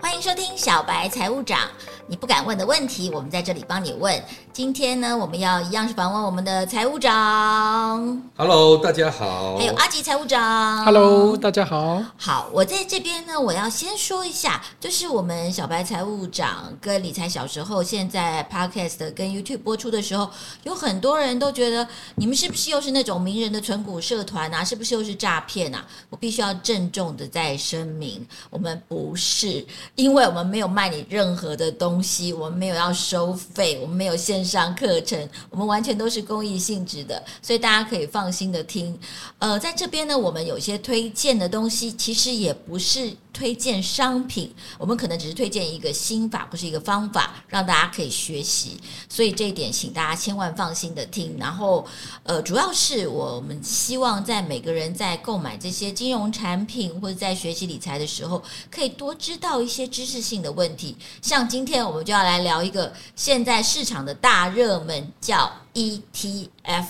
歡迎收聽小白財務長，你不敢問的問題，我們在這裡幫你問。今天呢，我們要一樣是訪問我們的財務長。Hello，大家好。還有阿吉財務長。Hello，大家好。好，我在這邊呢，我要先說一下，就是我們小白財務長跟理財小時候現在 Podcast 跟 YouTube 播出的時候，有很多人都覺得你們是不是又是那種名人的存股社團啊？是不是又是詐騙啊？我必須要鄭重的再聲明，我們不是。是因為我們沒有賣你任何的東西，我們沒有要收費，我們沒有線上課程，我們完全都是公益性質的，所以大家可以放心的聽。呃，在這邊呢，我們有些推薦的東西，其實也不是推薦商品，我們可能只是推薦一個心法，或是一個方法，讓大家可以學習。所以這一點，請大家千萬放心的聽。然後，呃，主要是我們希望在每個人在購買這些金融產品或者在學習理財的時候，可以多。知道一些知識性的問題，像今天我們就要來聊一個現在市場的大熱門，叫 ETF。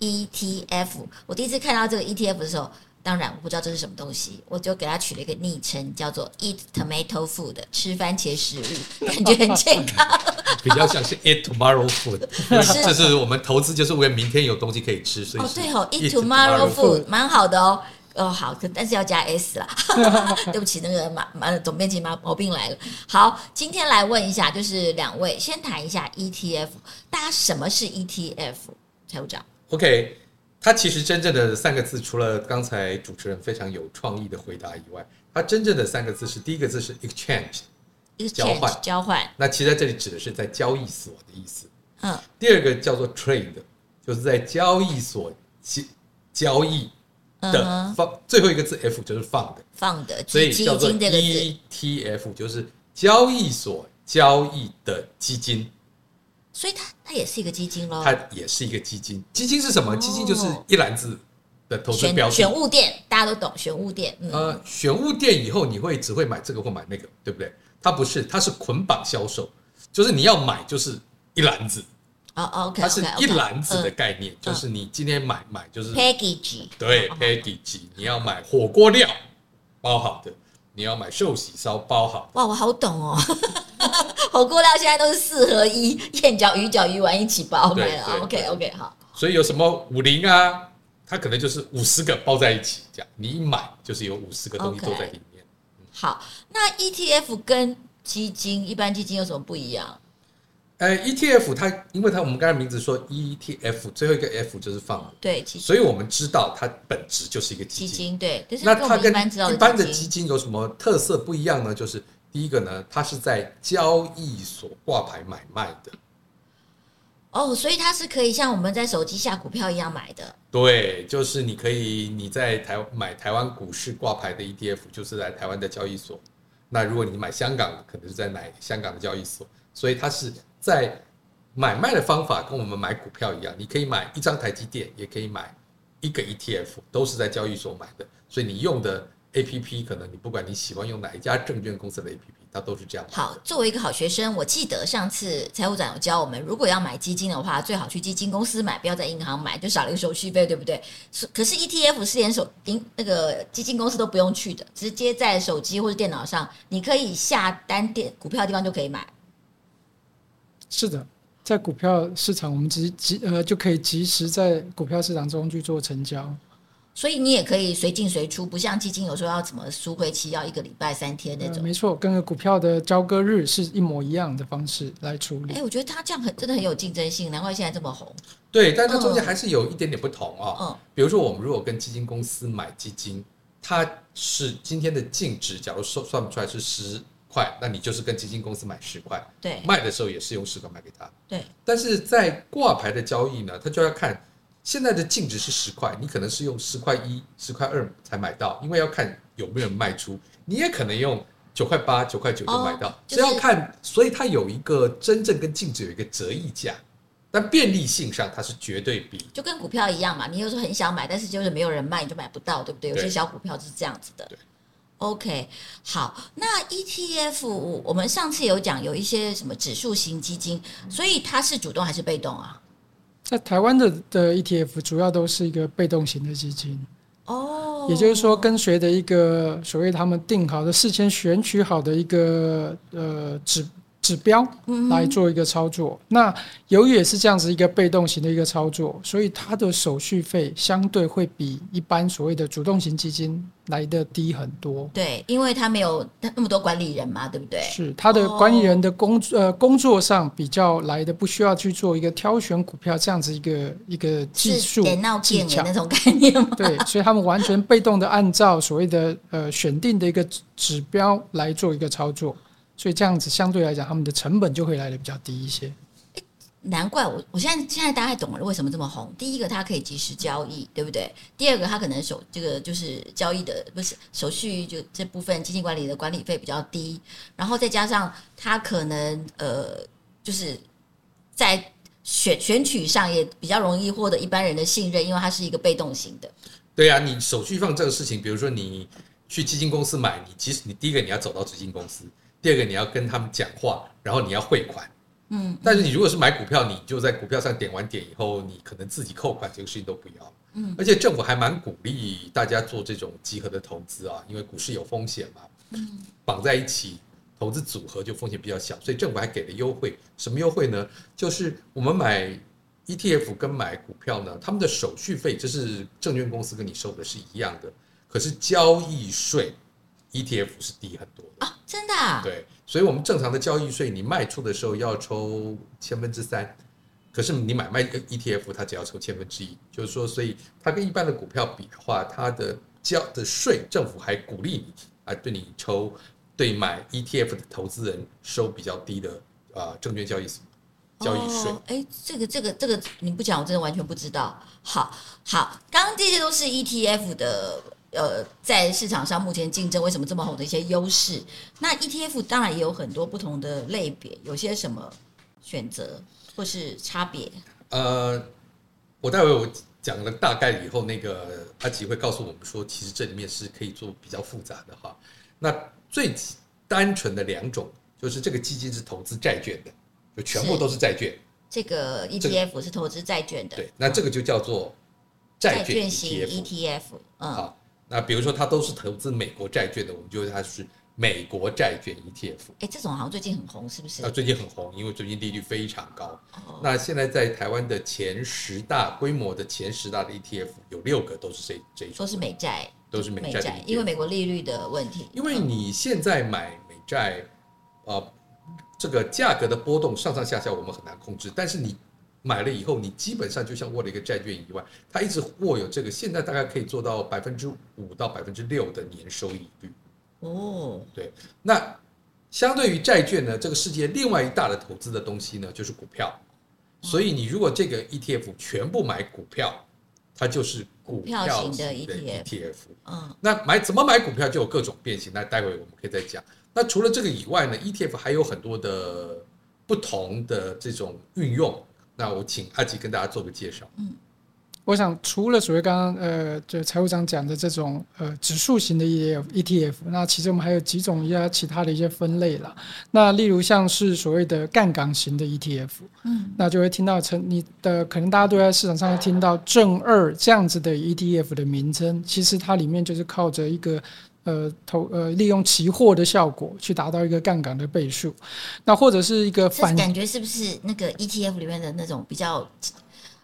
ETF，我第一次看到這個 ETF 的時候，當然我不知道這是什麼東西，我就給它取了一個昵稱，叫做 Eat Tomato Food，吃番茄食物，感覺很健康， 比較像是 Eat Tomorrow Food，是是這是我們投資就是為了明天有東西可以吃，所以、哦、對哦，哦，Eat Tomorrow Food，蠻好的哦。哦、oh，好，但是要加 S 了。 對不起，那個馬馬總編輯馬毛病來了。好，今天來問一下，就是兩位先談一下 ETF。大家什麼是 ETF？財務長，OK，它其實真正的三個字，除了剛才主持人非常有創意的回答以外，它真正的三個字是第一個字是 exchange, exchange，交換，交換。那其實在這裡指的是在交易所的意思。嗯，第二個叫做 trade，就是在交易所交交易。的放、uh-huh, 最後一個字 F 就是放的，放的，所以叫做 ETF，這個就是交易所交易的基金。所以它它也是一個基金嘍，它也是一個基金。基金是什麼？Oh, 基金就是一籃子的投資標的。選物店大家都懂，選物店、嗯。呃，選物店以後你會只會買這個或買那個，對不對？它不是，它是捆綁銷售，就是你要買就是一籃子。它是一籃子的概念，就是你今天買、呃、買就是 package，對、oh, okay. package，你要買火鍋料包好的，你要買壽喜燒包好的。哇，我好懂哦， 火鍋料現在都是四合一，燕餃魚餃、魚丸一起包 OK，OK，okay, okay, okay, 好。所以有什麼五零啊？它可能就是五十個包在一起，這樣你一買就是有五十個東西都在裡面。Okay, 好，那 ETF 跟基金，一般基金有什麼不一樣？ETF 它因為它我們剛才名字說 ETF 最後一個 F 就是放，對，所以我們知道它本質就是一個基金，基金對。但是那它跟，跟一般，一般的基金有什麼特色不一樣呢？就是第一個呢，它是在交易所掛牌買賣的。哦、Oh，所以它是可以像我們在手機下股票一樣買的。對，就是你可以你在台買台灣股市掛牌的 ETF，就是在台灣的交易所。那如果你買香港的，可能是在買香港的交易所。所以它是。在買賣的方法跟我們買股票一樣，你可以買一張台積電，也可以買一個 ETF，都是在交易所買的。所以你用的 APP，可能你不管你喜歡用哪一家證券公司的 APP，它都是這樣。好，作為一個好學生，我記得上次財務長有教我們，如果要買基金的話，最好去基金公司買，不要在銀行買，就少了一個手續費，對不對？是，可是 ETF 是連手銀那個基金公司都不用去的，直接在手機或者電腦上，你可以下單店，點股票的地方就可以買。是的，在股票市場，我們及及呃就可以及時在股票市場中去做成交，所以你也可以隨進隨出，不像基金有時候要怎麼贖回期要一個禮拜三天那種、呃。沒錯，跟股票的交割日是一模一樣的方式來處理。哎，我覺得它這樣很真的很有競爭性，難怪現在這麼紅。對，但是它中間還是有一點點不同啊、哦。嗯，比如說我們如果跟基金公司買基金，它是今天的淨值，假如說算不出來是十。塊，那你就是跟基金公司買十塊，對，賣的時候也是用十塊賣給他，對。但是在掛牌的交易呢，他就要看現在的淨值是十塊，你可能是用十塊一、十塊二才買到，因為要看有沒有人賣出。你也可能用九塊八、九塊九就買到，只要看。所以它有一個真正跟淨值有一個折溢價，但便利性上它是絕對比。就跟股票一樣嘛。你有時候很想買，但是就是沒有人賣，你就買不到，對不對？有些小股票就是這樣子的對。對 OK，好，那 ETF 我們上次有講有一些什麼指數型基金，所以它是主動還是被動啊？在台灣的的 ETF 主要都是一個被動型的基金哦，oh, 也就是說跟隨的一個所謂他們定好的事先選取好的一個呃指。指標來做一個操作，嗯、那由於也是這樣子一個被動型的一個操作，所以它的手續費相對會比一般所謂的主動型基金來得低很多。對，因為它沒有那麼多管理人嘛，對不對？是它的管理人的工作、哦、呃工作上比較來得不需要去做一個挑選股票這樣子一個一個技術鬧片的那種概念。對，所以他們完全被動地按照所謂的呃選定的一個指標來做一個操作。所以這樣子相對來講，他們的成本就會來得比較低一些，欸。難怪我我現在現在大概懂了為什麼這麼紅。第一個，它可以即時交易，對不對？第二個，它可能手這個就是交易的不是手續，就這部分基金管理的管理費比較低。然後再加上它可能呃，就是在選選取上也比較容易獲得一般人的信任，因為它是一個被動型的。對啊，你手續上這個事情，比如說你去基金公司買，你其實你第一個你要走到基金公司。第二個，你要跟他們講話，然後你要匯款，嗯，但是你如果是買股票，你就在股票上點完點以後，你可能自己扣款，這個事情都不要，嗯，而且政府還蠻鼓勵大家做這種集合的投資啊，因為股市有風險嘛，嗯，綁在一起投資組合就風險比較小，所以政府還給了優惠，什麼優惠呢？就是我們買 ETF 跟買股票呢，他們的手續費這是證券公司跟你收的是一樣的，可是交易稅。ETF 是低很多的、oh, 的啊！真的對，所以我們正常的交易稅，你賣出的時候要抽千分之三，可是你買賣 ETF，它只要抽千分之一。就是說，所以它跟一般的股票比的話，它的交的稅，政府還鼓勵你，啊，對你抽，對買 ETF 的投資人收比較低的啊、呃、證券交易交易稅。哎、oh,，這個這個這個你不講，我真的完全不知道。好，好，剛剛這些都是 ETF 的。呃，在市場上目前競爭為什麼這麼好的一些優勢？那 ETF 當然也有很多不同的類別，有些什麼選擇或是差別？呃，我待會我講了大概以後，那個阿吉會告訴我們說，其實這裡面是可以做比較複雜的哈。那最單純的兩種就是這個基金是投資債券的，就全部都是債券。這個 ETF 是投資債券的，這個，對，那這個就叫做債券型 ETF，ETF 嗯。好。那比如說，它都是投資美國債券的，我們就說它是美國債券 ETF。哎，這種好像最近很紅，是不是？啊，最近很紅，因為最近利率非常高。哦，那現在在台灣的前十大，哦，規模的前十大的 ETF 有六個都是這這種，都是美債，都是美債，因為美國利率的問題。因為你現在買美債，呃，這個價格的波動上上下下我們很難控制，但是你。買了以後，你基本上就像握了一個債券以外，它一直握有這個。現在大概可以做到百分之五到百分之六的年收益率。哦，對。那相對於債券呢，這個世界另外一大的投資的東西呢，就是股票。所以你如果這個 ETF 全部買股票，它就是股票型的 ETF。那買怎麼買股票就有各種變形，那待會我們可以再講。那除了這個以外呢，ETF 還有很多的不同的這種運用。那我請阿吉跟大家做個介紹。嗯，我想除了所謂剛剛呃，就財務長講的這種呃指數型的 ETF，那其實我們還有幾種要其他的一些分類啦。那例如像是所謂的槓桿型的 ETF，嗯，那就會聽到成你的可能大家都在市場上會聽到正二這樣子的 ETF 的名稱，其實它裡面就是靠着一個。呃，投呃，利用期貨的效果去達到一個槓桿的倍數，那或者是一個反感覺是不是那個 ETF 裡面的那種比較、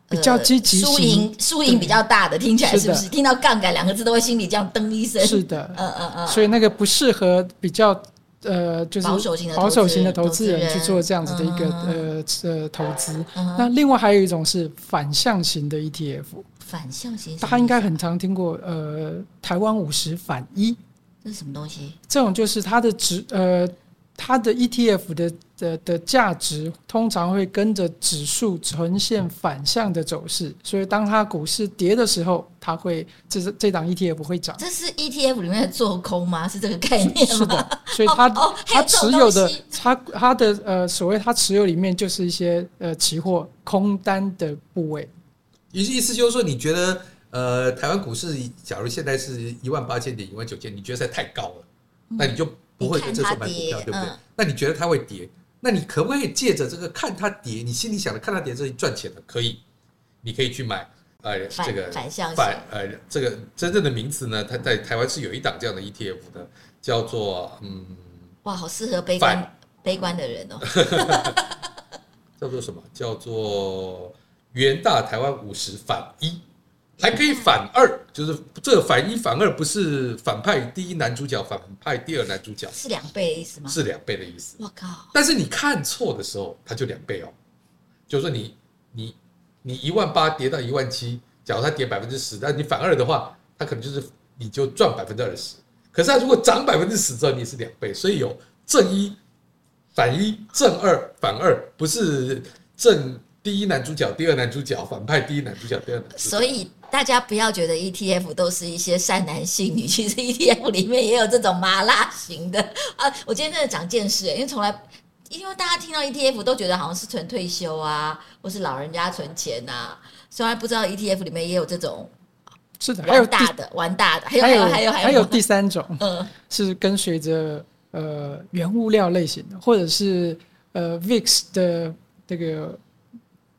呃、比較積極、輸贏輸贏比較大的？聽起來是不是？是聽到槓桿兩個字都會心裡這樣噔一聲？是的，嗯嗯嗯。所以那個不適合比較呃，就是保守型的保守型的投資人去做這樣子的一個呃呃投資、呃。那另外還有一種是反向型的 ETF。反向型，啊，他應該很常聽過。呃，台灣五十反一，這是什麼東西？這種就是它的值，呃，它的 ETF 的的的價值通常會跟着指數呈現反向的走勢，嗯，所以當它股市跌的時候，它會這是這檔 ETF 會漲。這是 ETF 裡面的做空嗎？是這個概念嗎？是，是的，所以它它，哦，持有的它它，哦，的呃所謂它持有裡面就是一些呃期貨空單的部位。於是意思就是說，你覺得，呃，台灣股市假如現在是一萬八千點、一萬九千，你覺得太高了，嗯，那你就不會在這時候買股票，對不對？嗯，那你覺得它會跌？那你可不可以借着這個看它跌？你心裡想的看它跌是賺錢的，可以，你可以去買。呃，這個反、反向反，呃，這個真正的名詞呢，它在台灣是有一檔這樣的 ETF 的，叫做嗯，哇，好適合悲觀悲觀的人哦。 叫做什麼？叫做。元大台灣五十反一還可以反二，就是這個反一反二，不是反派第一男主角、反派第二男主角，是兩倍的意思嗎？是兩倍的意思。我靠！但是你看錯的時候，它就兩倍哦。就是說，你你你一萬八跌到一萬七，假如它跌百分之十，但你反二的話，它可能就是你就賺百分之二十。可是它如果漲百分之十之後，你也是兩倍，所以有正一反一正二反二，不是正。第一男主角，第二男主角，反派第一男主角，第二男主角。所以大家不要覺得 ETF 都是一些善男信女，其實 ETF 裡面也有這種麻辣型的啊！我今天真的長見識、欸，因為從來因為大家聽到 ETF 都覺得好像是存退休啊，或是老人家存錢啊，雖然不知道 ETF 裡面也有這種的是的，還有大的玩大的，還有大的還有，還有，還有，還有，還有，還有第三種，嗯，是跟隨着、嗯、呃原物料類型的，或者是呃 VIX 的這個。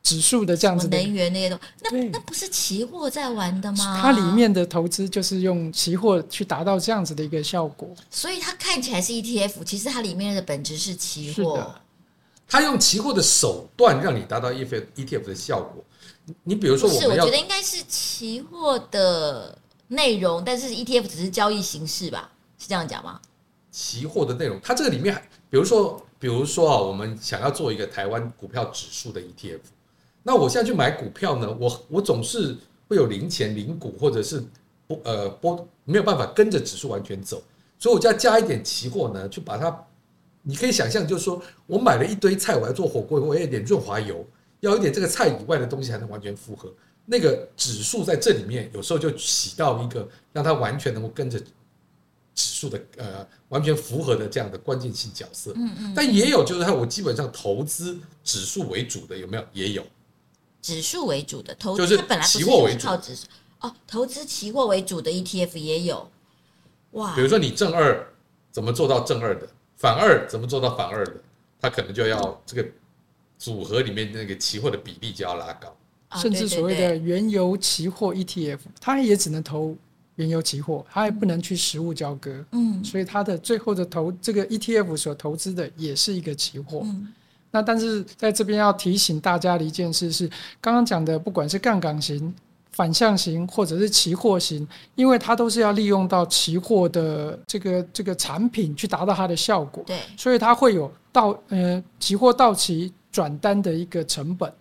指數的這樣子能源那些東，那那不是期貨在玩的嗎？它裡面的投資就是用期貨去達到這樣子的一個效果，所以它看起來是 ETF，其實它裡面的本質是期貨。是的，它用期貨的手段讓你達到 ETF ETF 的效果。你比如說我，是我覺得應該是期貨的內容，但是 ETF 只是交易形式吧？是這樣講嗎？期貨的內容，它這個裡面，比如說，比如說啊，我們想要做一個台灣股票指數的 ETF。那我現在去買股票呢，我我總是會有零錢、零股，或者是不，呃不，沒有辦法跟着指數完全走，所以我就要加一點期貨呢，去把它，你可以想象，就是說我買了一堆菜，我要做火鍋，我要一點潤滑油，要一點這個菜以外的東西才能完全符合。那個指數在這裡面有時候就起到一個讓它完全能夠跟着指數的呃完全符合的這樣的關鍵性角色。但也有就是它，我基本上投資指數為主的有沒有也有。指數為主的投資，就是這個，期貨為主靠指數哦，投資期貨為主的 ETF 也有哇。比如說你正二怎麼做到正二的，反二怎麼做到反二的，它可能就要這個組合裡面那個期貨的比例就要拉高。嗯、甚至所謂的原油期貨 ETF，它、啊、也只能投原油期貨，它也不能去實物交割。嗯，所以它的最後的投這個 ETF 所投資的也是一個期貨。嗯那但是在這邊要提醒大家的一件事是，剛剛講的不管是槓桿型、反向型或者是期貨型，因為它都是要利用到期貨的這個這個產品去達到它的效果，對，所以它會有到呃期貨到期轉單的一個成本。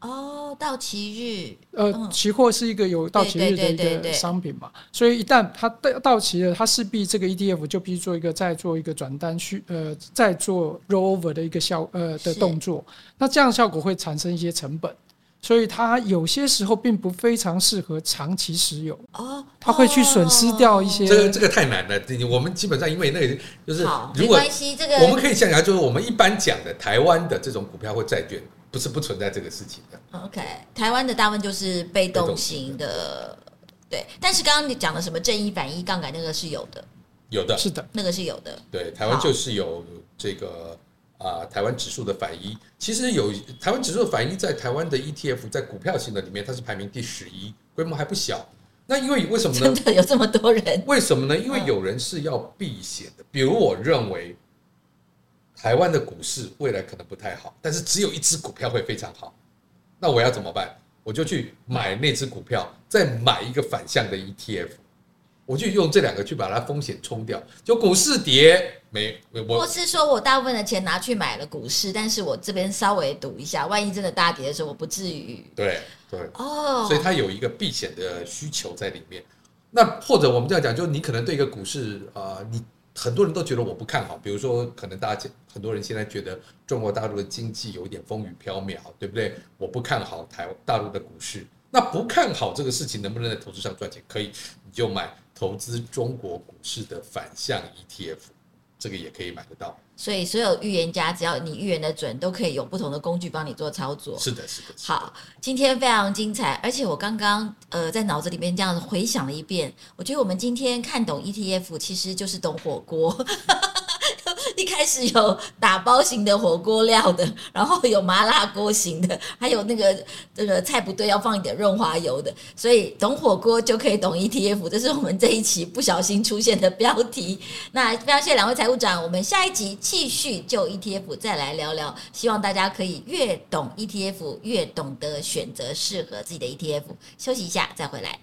哦。哦、到期日，呃，期貨是一個有到期日的一個商品嘛，對對對對對。所以一旦它到到期了，它勢必這個 ETF 就必須做一個再做一個轉單去，呃，再做 roll over 的一個效呃的動作，那這樣效果會產生一些成本。所以他有些時候並不非常適合長期持有啊，他會去損失掉一些。哦哦，這個、這個太難了，我們基本上因為那個就是，如果、這個、我們可以想起來，就是我們一般講的台灣的這種股票或債券，不是不存在這個事情的。哦、OK，台灣的大部分就是被動、被動型的，對。但是剛剛你講的什麼正一反一槓桿，那個是有的，有的是的，那個是有的。對，台灣就是有這個。啊，台灣指數的反一，其實有台灣指數的反一，在台灣的 ETF 在股票型的裡面，它是排名第十一，規模還不小。那因為為什麼呢？真的有這麼多人？為什麼呢？因為有人是要避險的。比如，我認為台灣的股市未來可能不太好，但是只有一隻股票會非常好。那我要怎麼辦？我就去買那隻股票，再買一個反向的 ETF。我就用這兩個去把它風險沖掉，就股市跌沒我，是說我大部分的錢拿去買了股市，但是我這邊稍微賭一下，萬一真的大跌的時候，我不至於對對哦，oh。所以它有一個避險的需求在裡面。那或者我們這樣講，就你可能對一個股市啊、呃，你很多人都覺得我不看好，比如說可能大家很多人現在覺得中國大陸的經濟有一點風雨飄搖，對不對？我不看好台大陸的股市，那不看好這個事情能不能在投資上賺錢？可以，你就買。投資中國股市的反向 ETF，這個也可以買得到。所以，所有預言家，只要你預言的準，都可以用不同的工具幫你做操作。是的，是的，是的。好，今天非常精彩。而且，我剛剛呃在腦子裡面這樣子回想了一遍，我覺得我們今天看懂 ETF 其實就是懂火鍋。 一開始有打包型的火鍋料的，然後有麻辣鍋型的，還有那個這個菜不對要放一點潤滑油的，所以懂火鍋就可以懂 ETF，這是我們這一期不小心出現的標題。那非常謝謝兩位財務長，我們下一集繼續就 ETF 再來聊聊，希望大家可以越懂 ETF 越懂得選擇適合自己的 ETF。休息一下再回來。